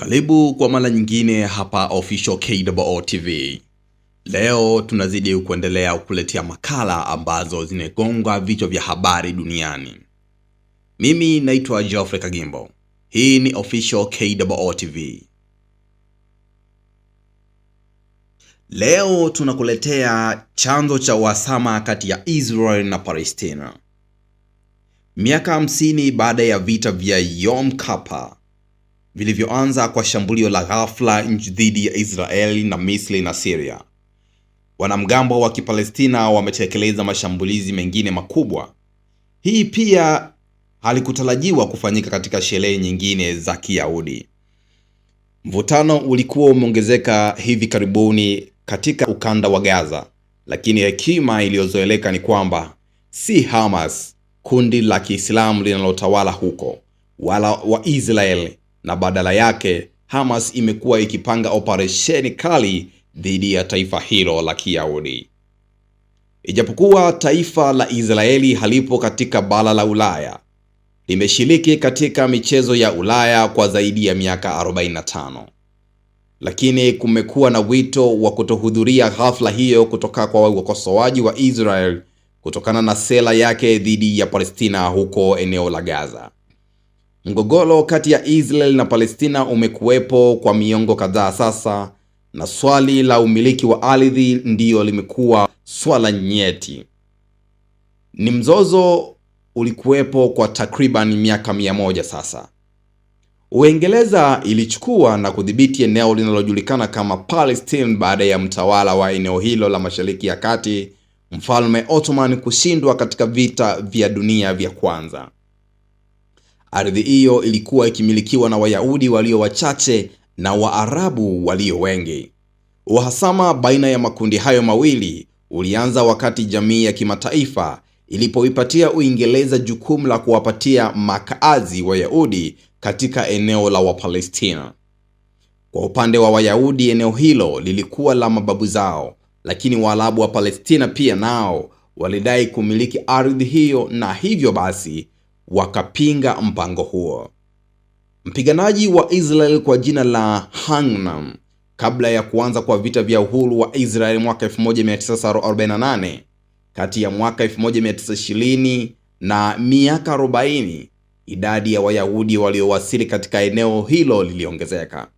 Karibu kwa mara nyingine hapa Official KOO TV. Leo tunazidi kuendelea kukuletea makala ambazo zimegonga vichwa vya habari duniani. Mimi naitwa Geoffrey Kagimbo. Hii ni Official KOO TV. Leo tunakuletea chanzo cha uhasama kati ya Israel na Palestina. Miaka 50 baada ya vita vya Yom Kippur vilivyoanza kwa shambulio la ghafla nchi dhidi ya Israeli na Misri na Syria. Wanamgambo wa Kipalestina wametekeleza mashambulizi mengine makubwa. Hii pia halikutarajiwa kufanyika katika sherehe nyingine za Kiyahudi. Mvutano ulikuwa umeongezeka hivi karibuni katika ukanda wa Gaza, lakini hekima iliyozoeleka ni kwamba si Hamas, kundi la Kiislamu linalotawala huko, wala Israeli na badala yake Hamas imekuwa ikipanga operesheni kali dhidi ya taifa hilo la Kiyahudi. Ijapokuwa taifa la Israeli halipo katika bara la Ulaya, limeshiriki katika michezo ya Ulaya kwa zaidi ya miaka 45, lakini kumekuwa na wito wa kutohudhuria hafla hiyo kutoka kwa wakosoaji wa Israel kutokana na sera yake dhidi ya Palestina huko eneo la Gaza. Mgogoro kati ya Israel na Palestina umekuwepo kwa miongo kadhaa sasa, na swali la umiliki wa ardhi ndiyo limekuwa swala nyeti. Ni mzozo ulikuwepo kwa takriban miaka mia moja sasa. Uingereza ilichukua na kudhibiti eneo linalojulikana kama Palestine baada ya mtawala wa eneo hilo la Mashariki ya Kati, Mfalme Ottoman kushindwa katika vita vya dunia vya kwanza. Ardhi hiyo ilikuwa ikimilikiwa na Wayahudi walio wachache na Waarabu walio wengi. Uhasama baina ya makundi hayo mawili ulianza wakati jamii ya kimataifa ilipoipatia Uingereza jukumu la kuwapatia makazi Wayahudi katika eneo la Wapalestina. Kwa upande wa Wayahudi, eneo hilo lilikuwa la mababu zao, lakini Waarabu wa Palestina pia nao walidai kumiliki ardhi hiyo, na hivyo basi wakapinga mpango huo. Mpiganaji wa Israel kwa jina la Hangnam, kabla ya kuanza kwa vita vya uhuru wa Israel mwaka 1948, kati ya mwaka 1920 na miaka 40, idadi ya Wayahudi waliowasili katika eneo hilo liliongezeka,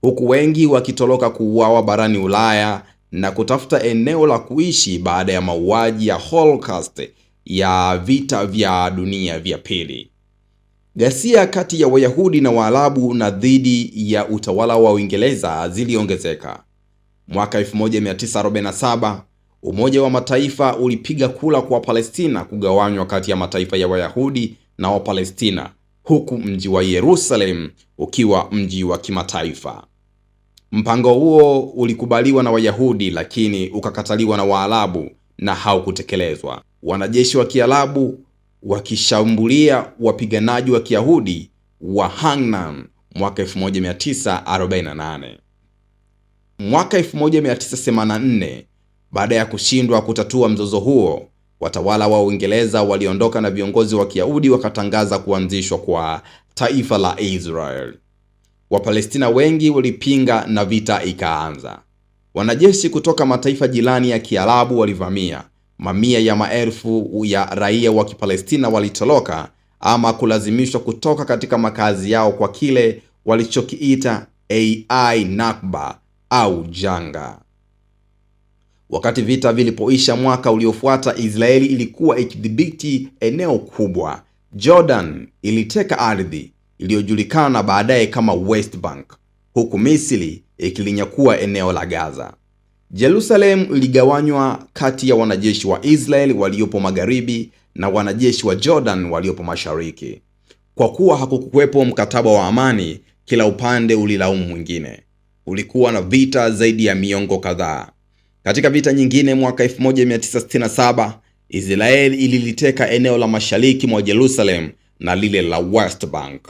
huku wengi wakitoroka kuuawa barani Ulaya na kutafuta eneo la kuishi baada ya mauaji ya Holocaust ya vita vya dunia vya pili. Ghasia kati ya Wayahudi na Waarabu na dhidi ya utawala wa Uingereza ziliongezeka. Mwaka 1947 Umoja wa Mataifa ulipiga kula kwa Palestina kugawanywa kati ya mataifa ya Wayahudi na Wapalestina, huku mji wa Yerusalemu ukiwa mji wa kimataifa. Mpango huo ulikubaliwa na Wayahudi lakini ukakataliwa na Waarabu na haukutekelezwa wanajeshi wa Kiarabu wakishambulia wapiganaji wa Kiyahudi wa Hangnam mwaka 1948. Mwaka 1984, baada ya kushindwa kutatua mzozo huo, watawala wa Uingereza waliondoka na viongozi wa Kiyahudi wakatangaza kuanzishwa kwa taifa la Israel. Wapalestina wengi walipinga na vita ikaanza. Wanajeshi kutoka mataifa jirani ya Kiarabu walivamia mamia ya maelfu ya raia wa Kipalestina walitoroka ama kulazimishwa kutoka katika makazi yao kwa kile walichokiita AI Nakba au janga. Wakati vita vilipoisha mwaka uliofuata, Israeli ilikuwa ikidhibiti eneo kubwa. Jordan iliteka ardhi iliyojulikana baadaye kama West Bank, huku Misri ikilinyakuwa eneo la Gaza. Jerusalem iligawanywa kati ya wanajeshi wa israel waliopo magharibi na wanajeshi wa Jordan waliopo mashariki. Kwa kuwa hakukuwepo mkataba wa amani, kila upande ulilaumu mwingine. Ulikuwa na vita zaidi ya miongo kadhaa. Katika vita nyingine mwaka 1967 Israeli ililiteka eneo la mashariki mwa Jerusalem na lile la West Bank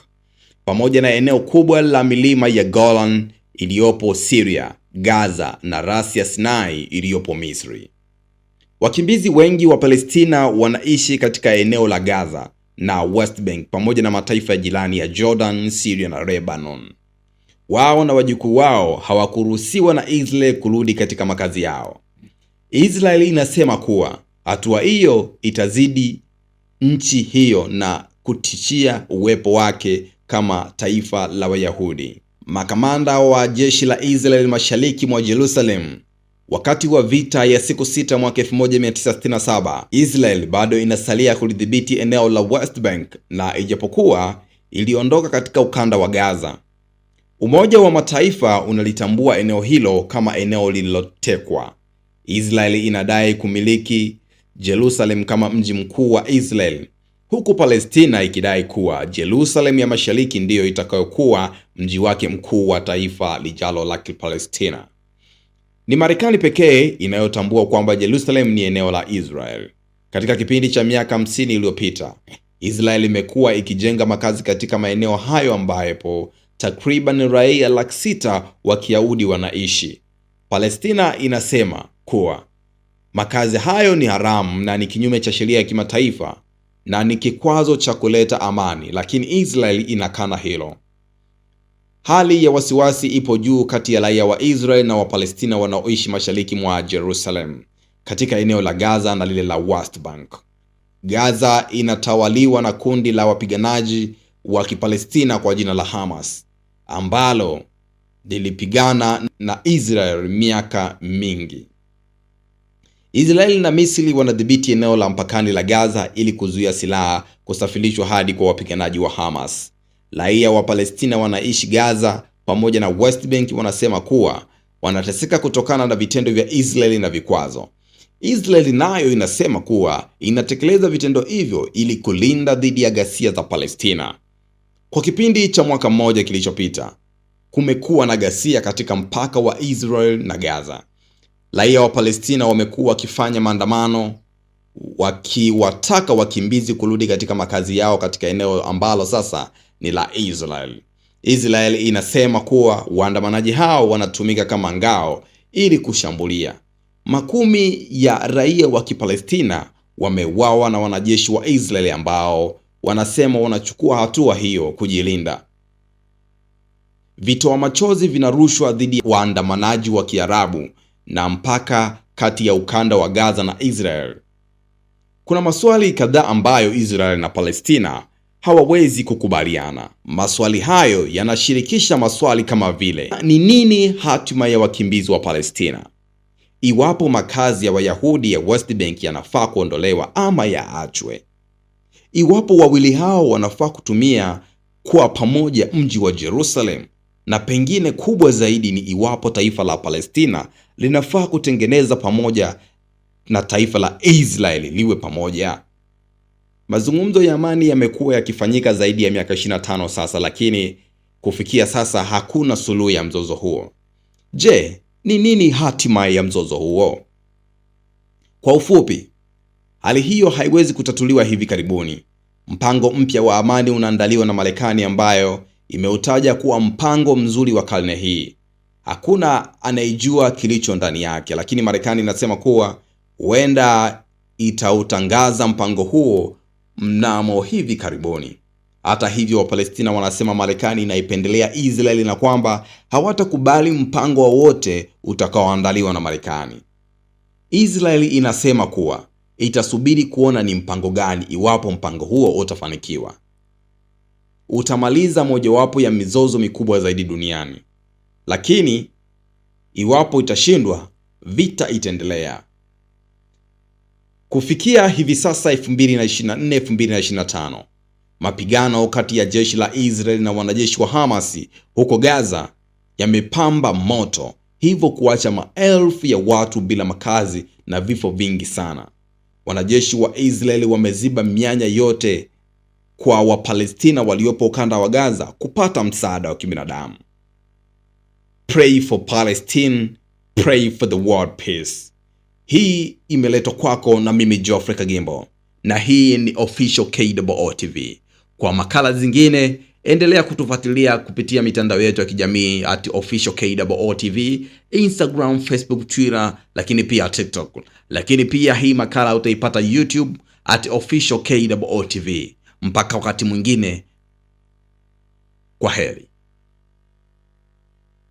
pamoja na eneo kubwa la milima ya Golan iliyopo Syria Gaza na rasi ya Sinai iliyopo Misri. Wakimbizi wengi wa Palestina wanaishi katika eneo la Gaza na West Bank pamoja na mataifa ya jirani ya Jordan, Syria na Lebanon. Wao na wajukuu wao hawakuruhusiwa na Israel kurudi katika makazi yao. Israel inasema kuwa hatua hiyo itazidi nchi hiyo na kutishia uwepo wake kama taifa la Wayahudi makamanda wa jeshi la Israel mashariki mwa Jerusalem wakati wa vita ya siku sita mwaka 1967. Israel bado inasalia kulidhibiti eneo la West Bank na ijapokuwa iliondoka katika ukanda wa Gaza, Umoja wa Mataifa unalitambua eneo hilo kama eneo lililotekwa. Israel inadai kumiliki Jerusalem kama mji mkuu wa Israel huku Palestina ikidai kuwa Jerusalem ya Mashariki ndiyo itakayokuwa mji wake mkuu wa taifa lijalo la Palestina. Ni Marekani pekee inayotambua kwamba Jerusalem ni eneo la Israel. Katika kipindi cha miaka 50 iliyopita, Israel imekuwa ikijenga makazi katika maeneo hayo ambapo takriban raia laki sita wa Kiyahudi wanaishi. Palestina inasema kuwa makazi hayo ni haramu na ni kinyume cha sheria ya kimataifa na ni kikwazo cha kuleta amani, lakini Israel inakana hilo. Hali ya wasiwasi ipo juu kati ya raia wa Israel na Wapalestina wanaoishi mashariki mwa Jerusalem, katika eneo la Gaza na lile la West Bank. Gaza inatawaliwa na kundi la wapiganaji wa Kipalestina kwa jina la Hamas ambalo lilipigana na Israel miaka mingi israel na Misri wanadhibiti eneo la mpakani la Gaza ili kuzuia silaha kusafirishwa hadi kwa wapiganaji wa Hamas. Raia wa Palestina wanaishi Gaza pamoja na West Bank wanasema kuwa wanateseka kutokana na vitendo vya Israeli na vikwazo. Israeli nayo inasema kuwa inatekeleza vitendo hivyo ili kulinda dhidi ya ghasia za Palestina. Kwa kipindi cha mwaka mmoja kilichopita, kumekuwa na ghasia katika mpaka wa Israel na Gaza. Raia wa Palestina wamekuwa wakifanya maandamano wakiwataka wakimbizi kurudi katika makazi yao katika eneo ambalo sasa ni la Israel. Israel inasema kuwa waandamanaji hao wanatumika kama ngao ili kushambulia. Makumi ya raia wa Kipalestina wameuawa na wanajeshi wa Israeli ambao wanasema wanachukua hatua hiyo kujilinda. Vitoa machozi vinarushwa dhidi ya waandamanaji wa Kiarabu na mpaka kati ya ukanda wa Gaza na Israel. Kuna maswali kadhaa ambayo Israel na Palestina hawawezi kukubaliana. Maswali hayo yanashirikisha maswali kama vile: ni nini hatima ya wakimbizi wa Palestina? Iwapo makazi ya Wayahudi ya West Bank yanafaa kuondolewa ama yaachwe? Iwapo wawili hao wanafaa kutumia kwa pamoja mji wa Jerusalem? Na pengine kubwa zaidi ni iwapo taifa la Palestina linafaa kutengeneza pamoja na taifa la Israeli liwe pamoja. Mazungumzo ya amani yamekuwa yakifanyika zaidi ya miaka 25 sasa, lakini kufikia sasa hakuna suluhu ya mzozo huo. Je, ni nini hatima ya mzozo huo? Kwa ufupi, hali hiyo haiwezi kutatuliwa hivi karibuni. Mpango mpya wa amani unaandaliwa na Marekani ambayo imeutaja kuwa mpango mzuri wa karne hii hakuna anayejua kilicho ndani yake, lakini Marekani inasema kuwa huenda itautangaza mpango huo mnamo hivi karibuni. Hata hivyo, Wapalestina wanasema Marekani inaipendelea Israeli na kwamba hawatakubali mpango wowote utakaoandaliwa na Marekani. Israeli inasema kuwa itasubiri kuona ni mpango gani, iwapo mpango huo utafanikiwa, utamaliza mojawapo ya mizozo mikubwa zaidi duniani lakini iwapo itashindwa, vita itaendelea. Kufikia hivi sasa 2024 2025, mapigano kati ya jeshi la Israel na wanajeshi wa Hamasi huko Gaza yamepamba moto, hivyo kuacha maelfu ya watu bila makazi na vifo vingi sana. Wanajeshi wa Israeli wameziba mianya yote kwa Wapalestina waliopo ukanda wa Gaza kupata msaada wa kibinadamu pray for Palestine, pray for the world peace. Hii imeletwa kwako na mimi Geoffrey Kagimbo, na hii ni official KOO TV. Kwa makala zingine endelea kutufuatilia kupitia mitandao yetu ya kijamii at official KOO TV, Instagram, Facebook, Twitter, lakini pia TikTok. Lakini pia hii makala utaipata YouTube at official KOO TV. Mpaka wakati mwingine, kwa heri.